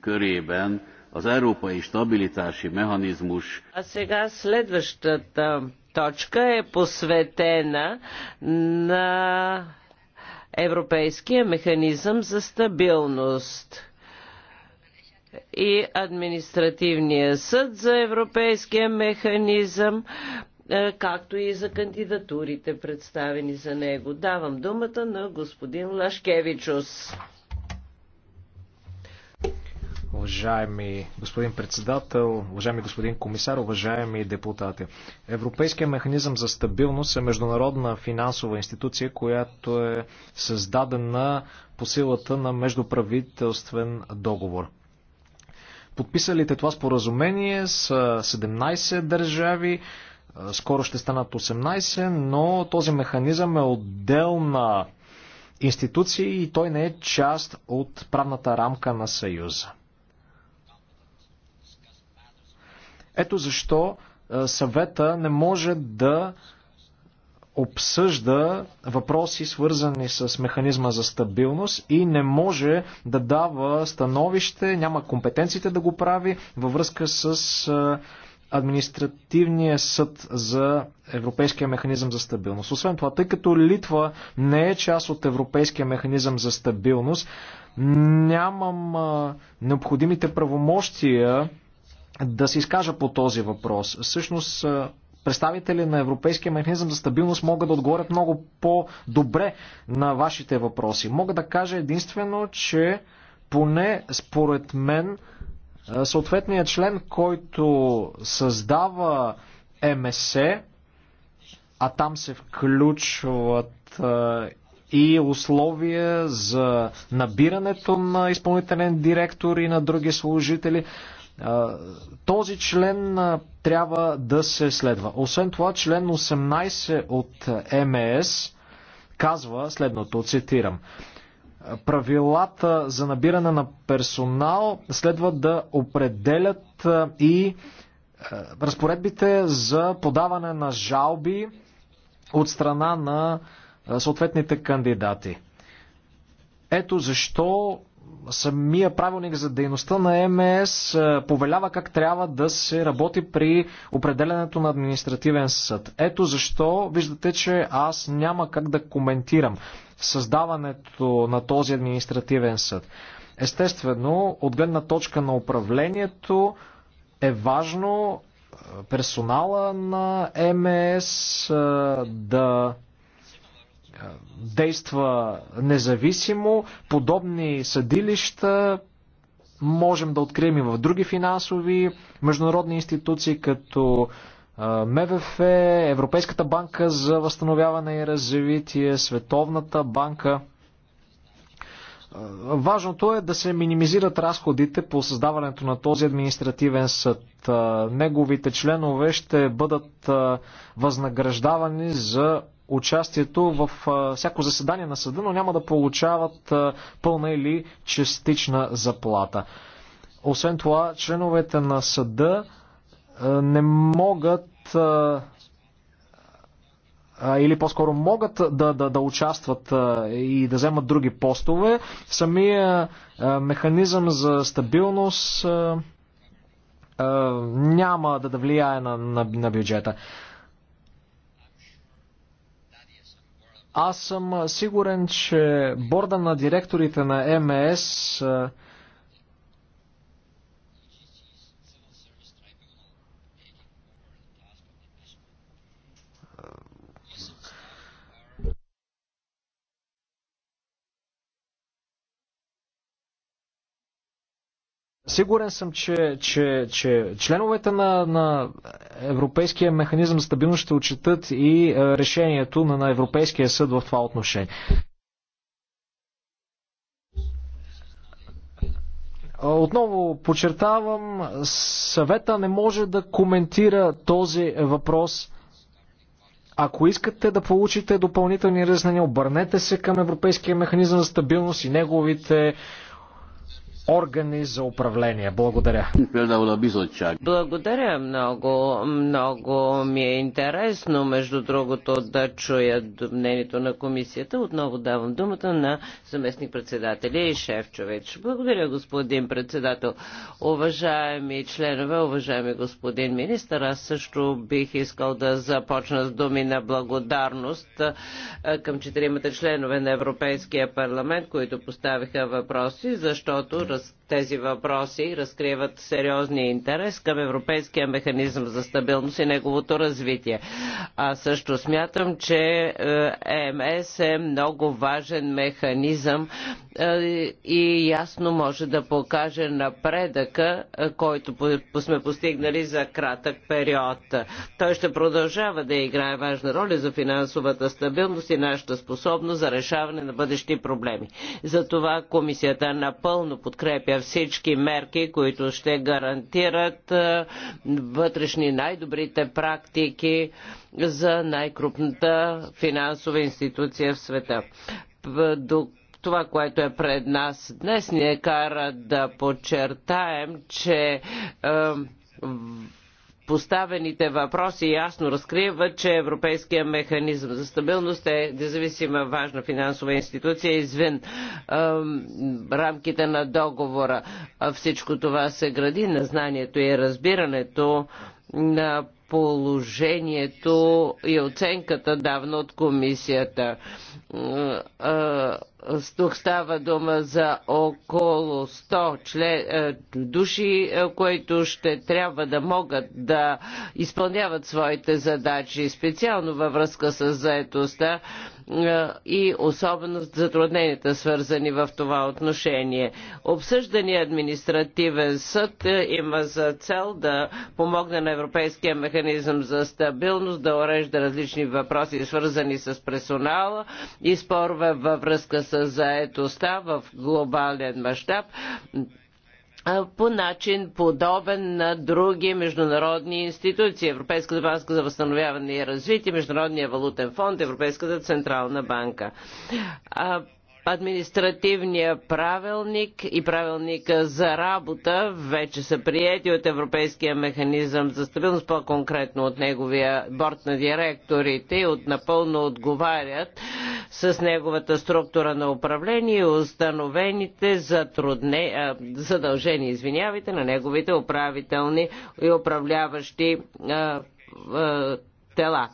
körében az európai stabilitási mechanizmus. А сега следващата точка е посветена на Европейския механизъм за стабилност и Административния съд за Европейския механизъм, е, както и за кандидатурите представени за него. Давам думата на господин Лашкевичус уважаеми господин председател, уважаеми господин комисар, уважаеми депутати. Европейския механизъм за стабилност е международна финансова институция, която е създадена по силата на междуправителствен договор. Подписалите това споразумение са 17 държави, скоро ще станат 18, но този механизъм е отделна институции и той не е част от правната рамка на Съюза. Ето защо е, съвета не може да обсъжда въпроси свързани с механизма за стабилност и не може да дава становище, няма компетенциите да го прави във връзка с е, административния съд за Европейския механизъм за стабилност. Освен това, тъй като Литва не е част от Европейския механизъм за стабилност, нямам е, необходимите правомощия да се изкажа по този въпрос. Всъщност, представители на Европейския механизъм за стабилност могат да отговорят много по-добре на вашите въпроси. Мога да кажа единствено, че поне според мен съответният член, който създава МСЕ, а там се включват и условия за набирането на изпълнителен директор и на други служители този член трябва да се следва. Освен това, член 18 от МС е казва следното, цитирам. Правилата за набиране на персонал следва да определят и разпоредбите за подаване на жалби от страна на съответните кандидати. Ето защо самия правилник за дейността на МС повелява как трябва да се работи при определенето на административен съд. Ето защо виждате, че аз няма как да коментирам създаването на този административен съд. Естествено, от гледна точка на управлението е важно персонала на МС да действа независимо. Подобни съдилища можем да открием и в други финансови международни институции, като МВФ, Европейската банка за възстановяване и развитие, Световната банка. Важното е да се минимизират разходите по създаването на този административен съд. Неговите членове ще бъдат възнаграждавани за участието в всяко заседание на съда, но няма да получават пълна или частична заплата. Освен това, членовете на съда не могат или по-скоро могат да, да, да участват и да вземат други постове. Самия механизъм за стабилност няма да, да влияе на, на, на бюджета. Аз съм сигурен, че борда на директорите на МС е Сигурен съм, че, че, че членовете на, на Европейския механизъм за стабилност ще отчитат и е, решението на, на Европейския съд в това отношение. Отново подчертавам, съвета не може да коментира този въпрос. Ако искате да получите допълнителни разнения, обърнете се към Европейския механизъм за стабилност и неговите органи за управление. Благодаря. Благодаря много. Много ми е интересно, между другото, да чуя мнението на комисията. Отново давам думата на заместник председателя и човеч. Благодаря, господин председател. Уважаеми членове, уважаеми господин министър, аз също бих искал да започна с думи на благодарност към четиримата членове на Европейския парламент, които поставиха въпроси, защото тези въпроси разкриват сериозния интерес към Европейския механизъм за стабилност и неговото развитие. А също смятам, че е, ЕМС е много важен механизъм е, и ясно може да покаже напредъка, е, който сме постигнали за кратък период. Той ще продължава да играе важна роля за финансовата стабилност и нашата способност за решаване на бъдещи проблеми. Затова комисията напълно подкрепя подкрепя всички мерки, които ще гарантират е, вътрешни най-добрите практики за най-крупната финансова институция в света. Това, което е пред нас днес, ни е кара да подчертаем, че е, Поставените въпроси ясно разкриват, че Европейския механизъм за стабилност е независима важна финансова институция извън рамките на договора. Всичко това се гради на знанието и разбирането на положението и оценката давна от комисията. Тук става дума за около 100 член, е, души, е, които ще трябва да могат да изпълняват своите задачи, специално във връзка с заетостта е, и особено затрудненията, свързани в това отношение. Обсъждания административен съд има за цел да помогне на Европейския механизъм за стабилност да урежда различни въпроси, свързани с персонала и спорове във връзка с с заедостта в глобален мащаб по начин подобен на други международни институции. Европейската банка за възстановяване и развитие, Международния валутен фонд, Европейската централна банка административния правилник и правилника за работа вече са приети от Европейския механизъм за стабилност, по-конкретно от неговия борт на директорите и от напълно отговарят с неговата структура на управление и установените затрудне, задължения извинявайте, на неговите управителни и управляващи тела.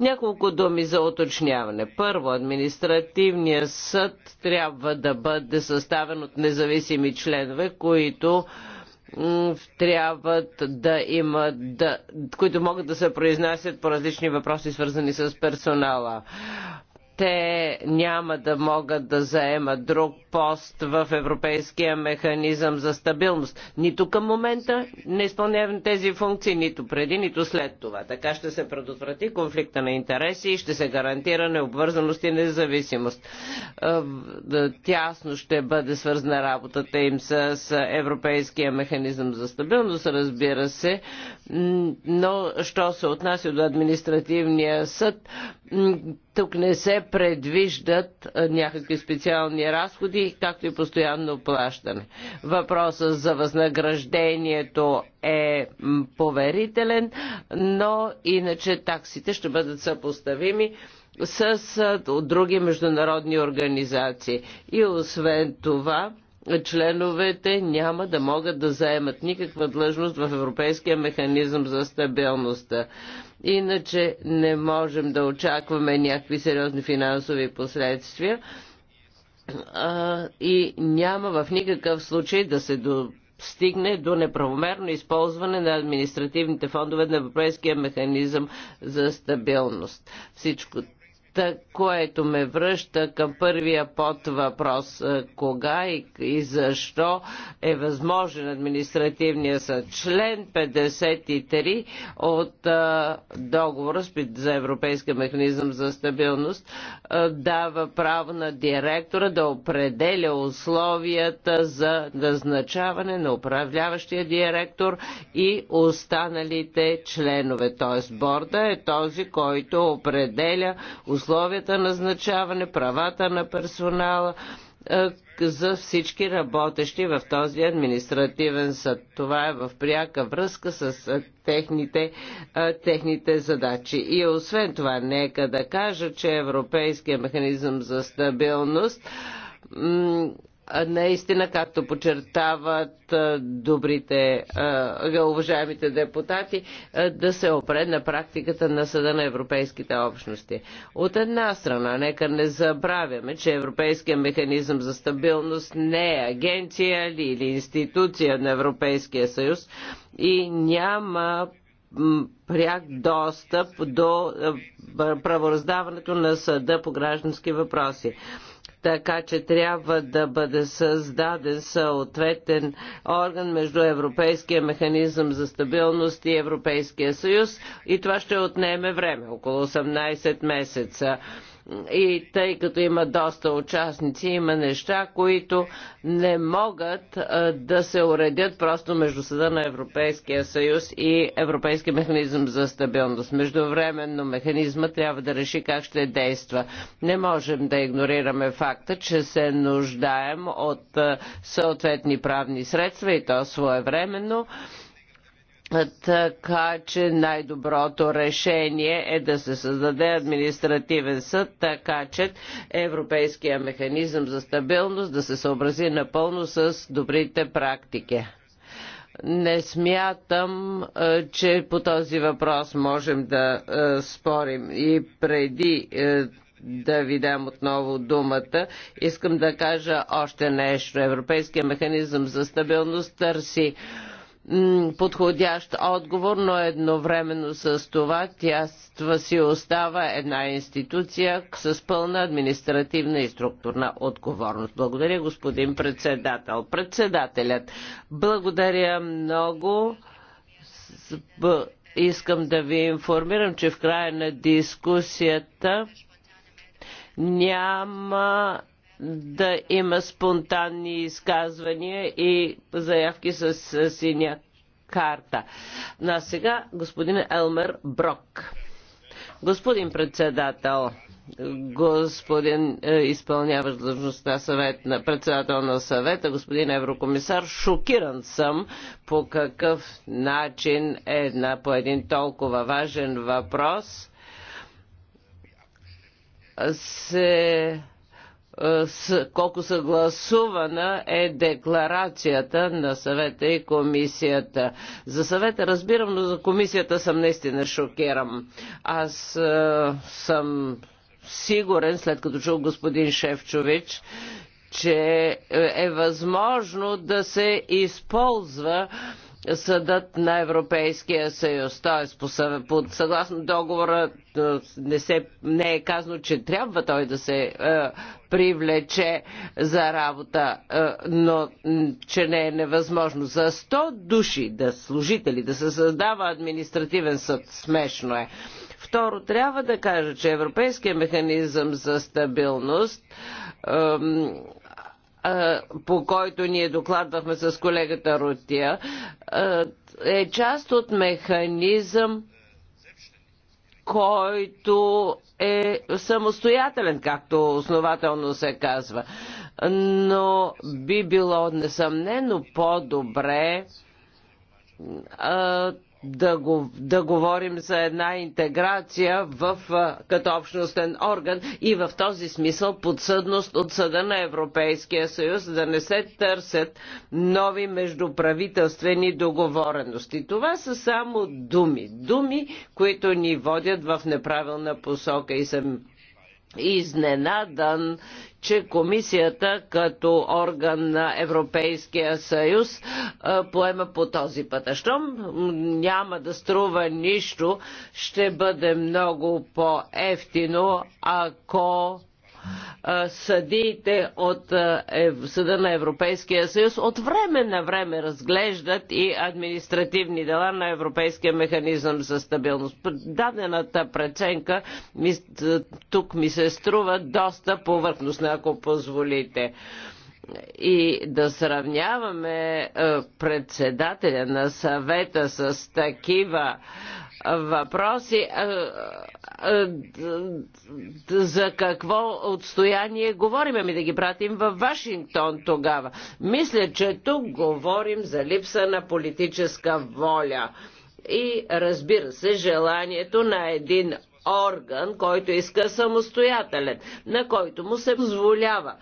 Няколко думи за уточняване. Първо, административният съд трябва да бъде съставен от независими членове, които трябва да има, да, които могат да се произнасят по различни въпроси, свързани с персонала те няма да могат да заемат друг пост в Европейския механизъм за стабилност. Нито към момента не изпълнявам тези функции, нито преди, нито след това. Така ще се предотврати конфликта на интереси и ще се гарантира необвързаност и независимост. Е, е, тясно ще бъде свързана работата им с Европейския механизъм за стабилност, разбира се, но що се отнася до административния съд, тук не се предвиждат е, някакви специални разходи услуги, както и постоянно плащане. Въпросът за възнаграждението е поверителен, но иначе таксите ще бъдат съпоставими с други международни организации. И освен това, членовете няма да могат да заемат никаква длъжност в Европейския механизъм за стабилността. Иначе не можем да очакваме някакви сериозни финансови последствия и няма в никакъв случай да се стигне до неправомерно използване на административните фондове на Европейския механизъм за стабилност. Всичко което ме връща към първия под въпрос е, кога и, и защо е възможен административния съд. Член 53 от а, е, договора за Европейския механизъм за стабилност а, е, дава право на директора да определя условията за назначаване на управляващия директор и останалите членове. Т.е. борда е този, който определя условията на назначаване, правата на персонала е, за всички работещи в този административен съд. Това е в пряка връзка с е, техните, е, техните задачи. И освен това, нека да кажа, че Европейския механизъм за стабилност наистина, както подчертават добрите, уважаемите депутати, да се опре на практиката на Съда на Европейските общности. От една страна, нека не забравяме, че Европейския механизъм за стабилност не е агенция или институция на Европейския съюз и няма пряк достъп до правораздаването на съда по граждански въпроси така че трябва да бъде създаден съответен орган между Европейския механизъм за стабилност и Европейския съюз и това ще отнеме време, около 18 месеца и тъй като има доста участници, има неща, които не могат да се уредят просто между съда на Европейския съюз и Европейския механизъм за стабилност. Междувременно механизма трябва да реши как ще действа. Не можем да игнорираме факта, че се нуждаем от съответни правни средства и то своевременно. Така че най-доброто решение е да се създаде административен съд, така че Европейския механизъм за стабилност да се съобрази напълно с добрите практики. Не смятам, е, че по този въпрос можем да е, спорим и преди е, да ви дам отново думата. Искам да кажа още нещо. Европейския механизъм за стабилност търси подходящ отговор, но едновременно с това тя си остава една институция с пълна административна и структурна отговорност. Благодаря, господин председател. Председателят, благодаря много. Искам да ви информирам, че в края на дискусията няма да има спонтанни изказвания и заявки с синя карта. На сега господин Елмер Брок. Господин председател, господин е, изпълняващ длъжността съвет на председател на съвета, господин еврокомисар, шокиран съм по какъв начин е една по един толкова важен въпрос се е, с колко съгласувана е декларацията на съвета и комисията. За съвета разбирам, но за комисията съм наистина шокирам. Аз е, съм сигурен, след като чул господин Шевчович, че е, е възможно да се използва е, съдът на Европейския съюз. Т.е. по, по, съгласно договора не, се, не е казано, че трябва той да се е, привлече за работа, е, но че не е невъзможно. За 100 души да служители да се създава административен съд, смешно е. Второ, трябва да кажа, че Европейския механизъм за стабилност е, по който ние докладвахме с колегата Рутия, е част от механизъм, който е самостоятелен, както основателно се казва. Но би било несъмнено по-добре да, го, да говорим за една интеграция в, като общностен орган и в този смисъл подсъдност от съда на Европейския съюз, да не се търсят нови междуправителствени договорености. Това са само думи. Думи, които ни водят в неправилна посока и съм изненадан, че комисията като орган на Европейския съюз поема по този път. А щом няма да струва нищо, ще бъде много по-ефтино, ако съдиите от Съда на Европейския съюз от време на време разглеждат и административни дела на Европейския механизъм за стабилност. Дадената преценка тук ми се струва доста повърхностна, ако позволите и да сравняваме е, председателя на съвета с такива е, въпроси е, за какво отстояние говорим, ами да ги пратим във Вашингтон тогава. Мисля, че тук говорим за липса на политическа воля и разбира се желанието на един орган, който иска самостоятелен, на който му се позволява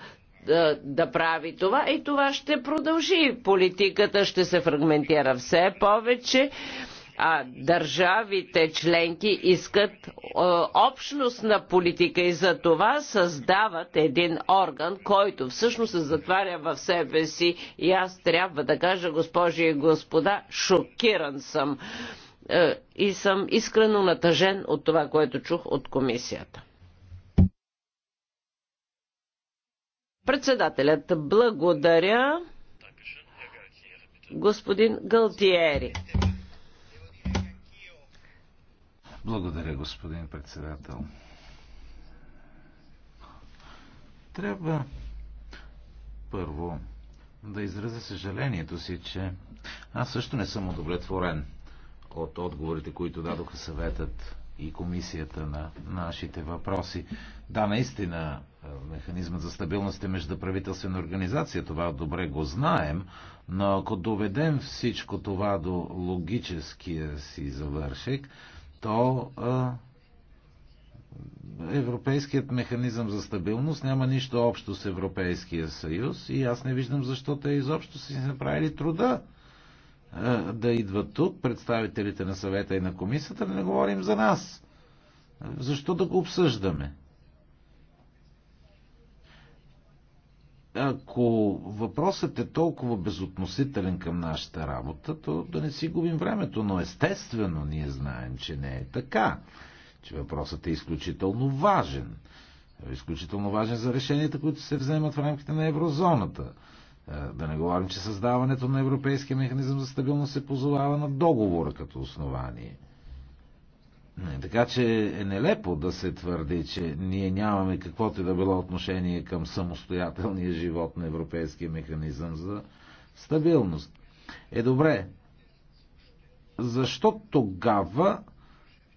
да, е, да прави това и това ще продължи. Политиката ще се фрагментира все повече а държавите членки искат е, на политика и за това създават един орган, който всъщност се затваря в себе си и аз трябва да кажа, госпожи и господа, шокиран съм е, и съм искрено натъжен от това, което чух от комисията. Председателят, благодаря. Господин Галтиери. Благодаря, господин председател. Трябва първо да изразя съжалението си, че аз също не съм удовлетворен от отговорите, които дадоха съветът и комисията на нашите въпроси. Да, наистина, е, механизмът за стабилност е междуправителствена организация, това добре го знаем, но ако доведем всичко това до логическия си завършек, то а, е, Европейският механизъм за стабилност няма нищо общо с Европейския съюз и аз не виждам защо те изобщо са си направили труда да идват тук представителите на съвета и на комисията, да не говорим за нас. Защо да го обсъждаме? Ако въпросът е толкова безотносителен към нашата работа, то да не си губим времето, но естествено ние знаем, че не е така, че въпросът е изключително важен. Е изключително важен за решенията, които се вземат в рамките на еврозоната е, да не говорим, че създаването на Европейския механизъм за стабилност се позовава на договора като основание. Е, така че е нелепо да се твърди, че ние нямаме каквото и да било отношение към самостоятелния живот на Европейския механизъм за стабилност. Е добре, защо тогава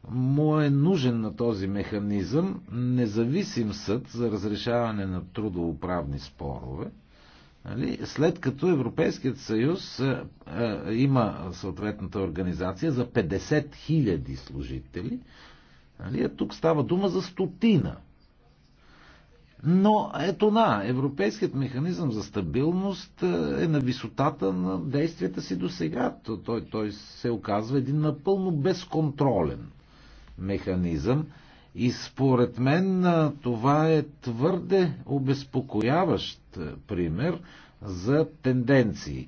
му е нужен на този механизъм независим съд за разрешаване на трудоуправни спорове, Нали? След като Европейският съюз е, е, има съответната организация за 50 000 служители, нали? а тук става дума за стотина. Но ето на, Европейският механизъм за стабилност е, е на висотата на действията си до сега. Той, той се оказва един напълно безконтролен механизъм. И според мен това е твърде обезпокояващ пример за тенденции,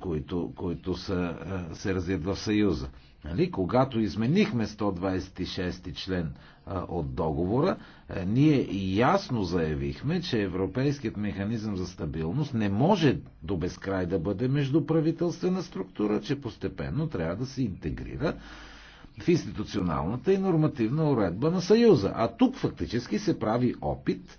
които, които са, се развият в Съюза. Нали? Когато изменихме 126 член от договора, ние ясно заявихме, че Европейският механизъм за стабилност не може до безкрай да бъде междуправителствена структура, че постепенно трябва да се интегрира в институционалната и нормативна уредба на Съюза. А тук фактически се прави опит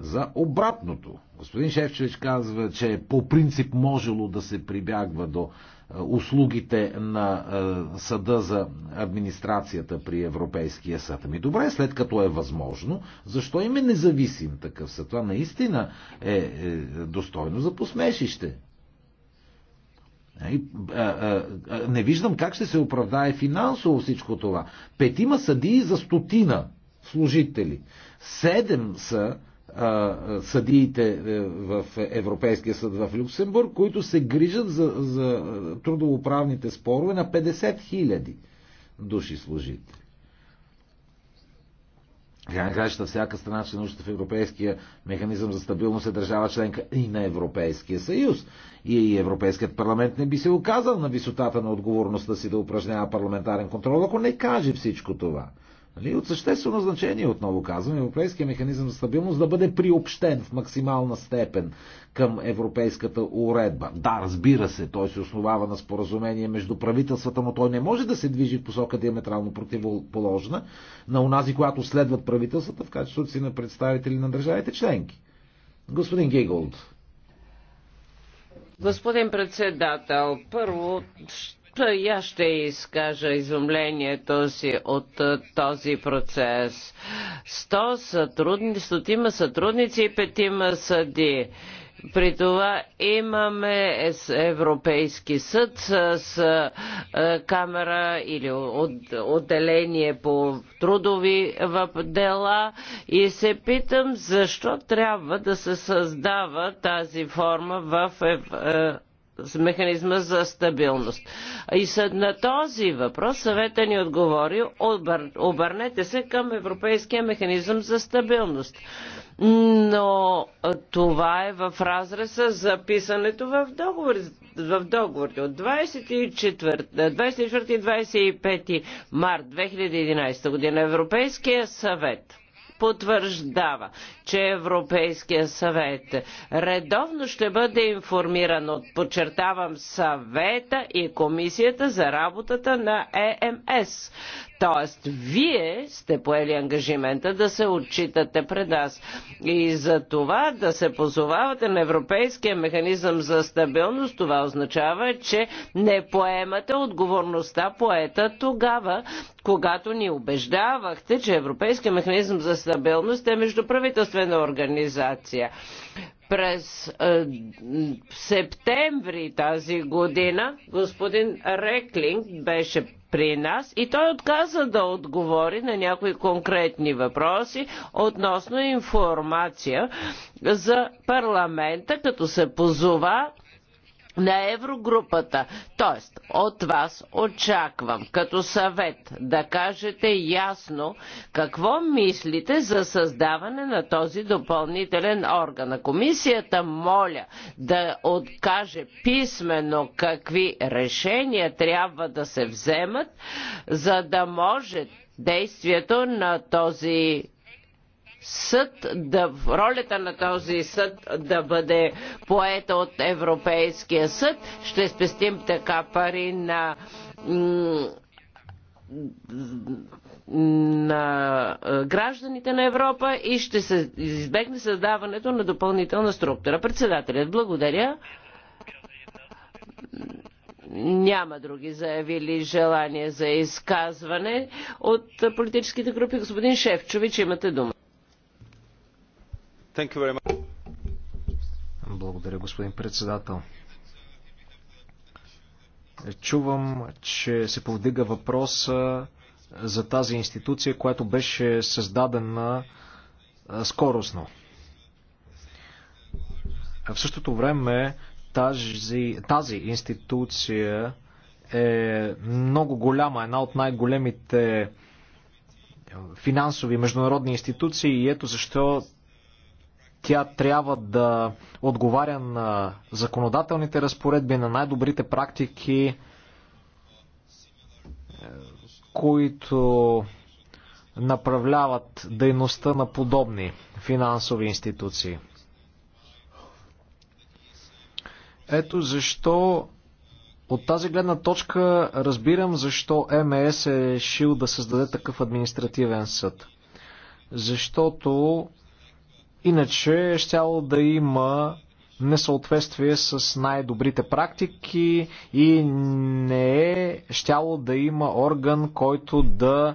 за обратното. Господин Шефчевич казва, че по принцип можело да се прибягва до е, услугите на е, съда за администрацията при Европейския съд. Ами добре, след като е възможно, защо им е независим такъв съд? Това наистина е, е достойно за посмешище. Не виждам как ще се оправдае финансово всичко това. Петима съдии за стотина служители. Седем са съдиите е, в Европейския съд в Люксембург, които се грижат за, за трудовоправните спорове на 50 хиляди души служители. Така не кажа, всяка страна, че нужда в Европейския механизъм за стабилност е държава членка и на Европейския съюз. И Европейският парламент не би се оказал на висотата на отговорността си да упражнява парламентарен контрол, ако не каже всичко това. Нали? От съществено значение, отново казвам, Европейския механизъм за стабилност да бъде приобщен в максимална степен към европейската уредба. Да, разбира се, той се основава на споразумение между правителствата, но той не може да се движи в посока диаметрално противоположна на унази, която следват правителствата в качеството си на представители на държавите членки. Господин Гиголд. Господин председател, първо Та и аз ще изкажа изумлението си от този процес. Сто сътрудници, стотима сътрудници и петима съди. При това имаме Европейски съд с камера или отделение по трудови дела и се питам защо трябва да се създава тази форма в е, е, механизма за стабилност. И след на този въпрос съвета ни отговори, обър, обърнете се към Европейския механизъм за стабилност. Но това е в разрез с записането в договорите. В договорите от 24, 24 и 25 март 2011 година Европейския съвет потвърждава, че Европейския съвет редовно ще бъде информиран от, подчертавам, съвета и комисията за работата на ЕМС. Тоест, вие сте поели ангажимента да се отчитате пред нас. И за това да се позовавате на Европейския механизъм за стабилност, това означава, че не поемате отговорността поета тогава, когато ни убеждавахте, че Европейския механизъм за стабилност е междуправителствена организация. През е, септември тази година господин Реклинг беше при нас и той отказа да отговори на някои конкретни въпроси относно информация за парламента, като се позова на Еврогрупата. Тоест, от вас очаквам като съвет да кажете ясно какво мислите за създаване на този допълнителен орган. На комисията моля да откаже писменно какви решения трябва да се вземат, за да може действието на този съд да, ролята на този съд да бъде поета от Европейския съд, ще спестим така пари на на гражданите на Европа и ще се избегне създаването на допълнителна структура. Председателят, благодаря. Няма други заявили желание за изказване от политическите групи. Господин Шефчович, имате дума. Благодаря, господин председател. Чувам, че се повдига въпроса за тази институция, която беше създадена скоростно. В същото време тази, тази институция е много голяма, една от най-големите финансови международни институции и ето защо тя трябва да отговаря на законодателните разпоредби, на най-добрите практики, е, които направляват дейността на подобни финансови институции. Ето защо от тази гледна точка разбирам защо МС е решил да създаде такъв административен съд. Защото Иначе щяло да има несъответствие с най-добрите практики и не е щяло да има орган, който да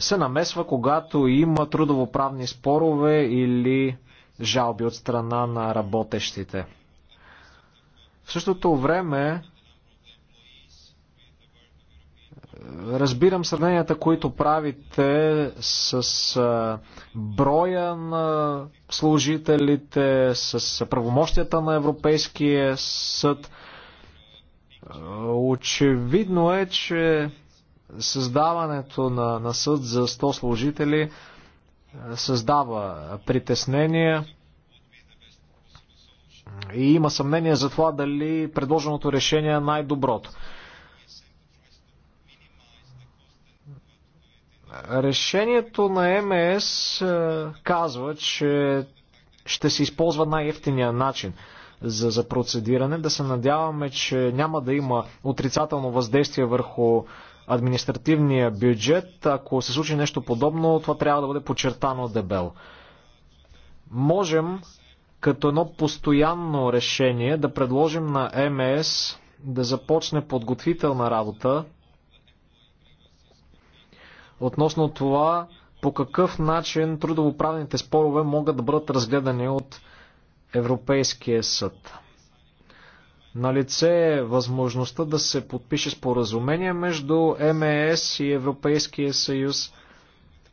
се намесва, когато има трудовоправни спорове или жалби от страна на работещите. В същото време Разбирам сравненията, които правите с а, броя на служителите, с правомощията на Европейския съд. Очевидно е, че създаването на, на съд за 100 служители създава притеснения и има съмнение за това дали предложеното решение е най-доброто. Решението на МС е, казва, че ще се използва най-ефтиния начин за, за процедиране. Да се надяваме, че няма да има отрицателно въздействие върху административния бюджет. Ако се случи нещо подобно, това трябва да бъде подчертано дебело. Можем като едно постоянно решение да предложим на МС да започне подготвителна работа относно това по какъв начин трудовоправните спорове могат да бъдат разгледани от Европейския съд. Налице е възможността да се подпише споразумение между МЕС и Европейския съюз.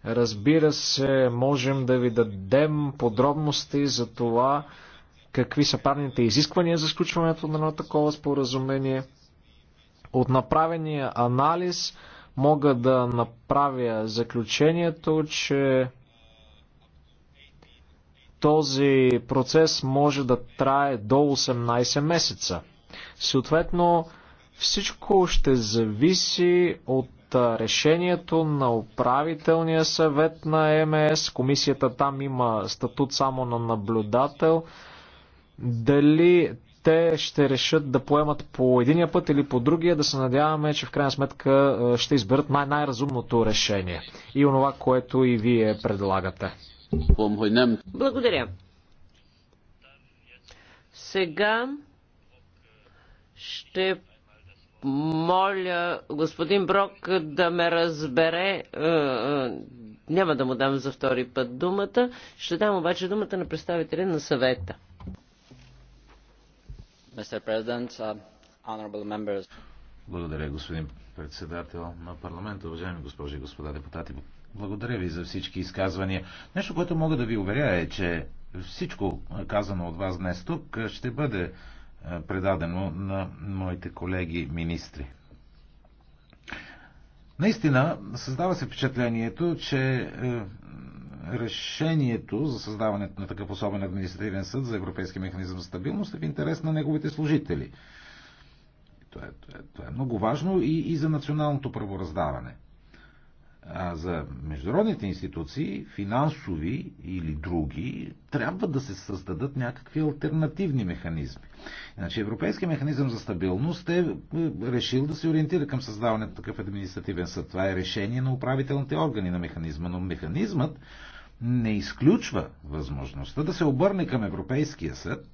Разбира се, можем да ви дадем подробности за това какви са правните изисквания за сключването на едно такова споразумение. От направения анализ мога да направя заключението, че този процес може да трае до 18 месеца. Съответно, всичко ще зависи от решението на управителния съвет на МС. Комисията там има статут само на наблюдател. Дали те ще решат да поемат по единия път или по другия, да се надяваме, че в крайна сметка ще изберат най- най-разумното решение и онова, което и вие предлагате. Благодаря. Сега ще моля господин Брок да ме разбере. Няма да му дам за втори път думата. Ще дам обаче думата на представителя на съвета. Uh, Благодаря, господин председател на парламента, уважаеми госпожи и господа депутати. Благодаря ви за всички изказвания. Нещо, което мога да ви уверя е, че всичко казано от вас днес тук ще бъде предадено на моите колеги министри. Наистина, създава се впечатлението, че решението за създаването на такъв особен административен съд за Европейски механизъм за стабилност е в интерес на неговите служители. Това е, това е, това е много важно и, и за националното правораздаване. А за международните институции, финансови или други, трябва да се създадат някакви альтернативни механизми. Значи Европейския механизъм за стабилност е, е решил да се ориентира към създаването на такъв административен съд. Това е решение на управителните органи на механизма, но механизмът не изключва възможността да се обърне към Европейския съд,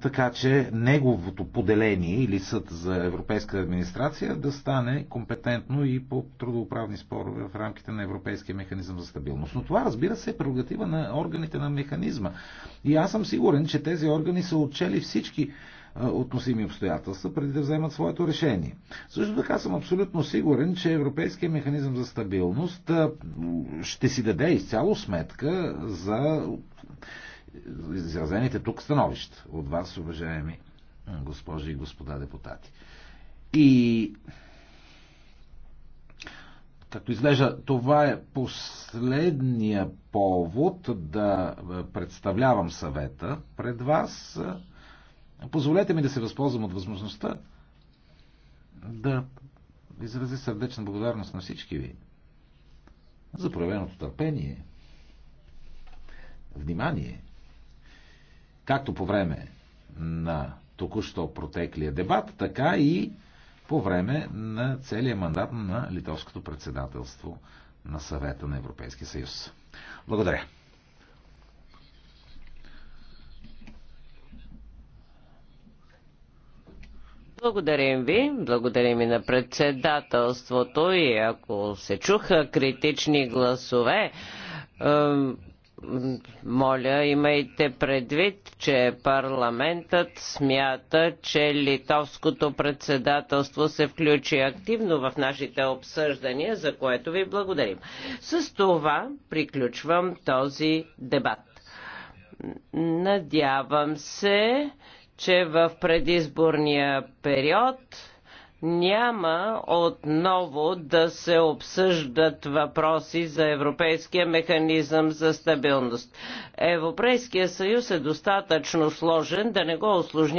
така че неговото поделение или съд за европейска администрация да стане компетентно и по трудоуправни спорове в рамките на Европейския механизъм за стабилност. Но това, разбира се, е прерогатива на органите на механизма. И аз съм сигурен, че тези органи са отчели всички относими обстоятелства, преди да вземат своето решение. Също така съм абсолютно сигурен, че Европейския механизъм за стабилност ще си даде изцяло сметка за изразените тук становища от вас, уважаеми госпожи и господа депутати. И както изглежда, това е последния повод да представлявам съвета пред вас Позволете ми да се възползвам от възможността да изрази сърдечна благодарност на всички ви за проявеното търпение, внимание, както по време на току-що протеклия дебат, така и по време на целия мандат на литовското председателство на съвета на Европейския съюз. Благодаря. Благодарим ви, благодарим и на председателството и ако се чуха критични гласове, моля, имайте предвид, че парламентът смята, че литовското председателство се включи активно в нашите обсъждания, за което ви благодарим. С това приключвам този дебат. Надявам се, че в предизборния период няма отново да се обсъждат въпроси за Европейския механизъм за стабилност. Европейския съюз е достатъчно сложен да не го осложняваме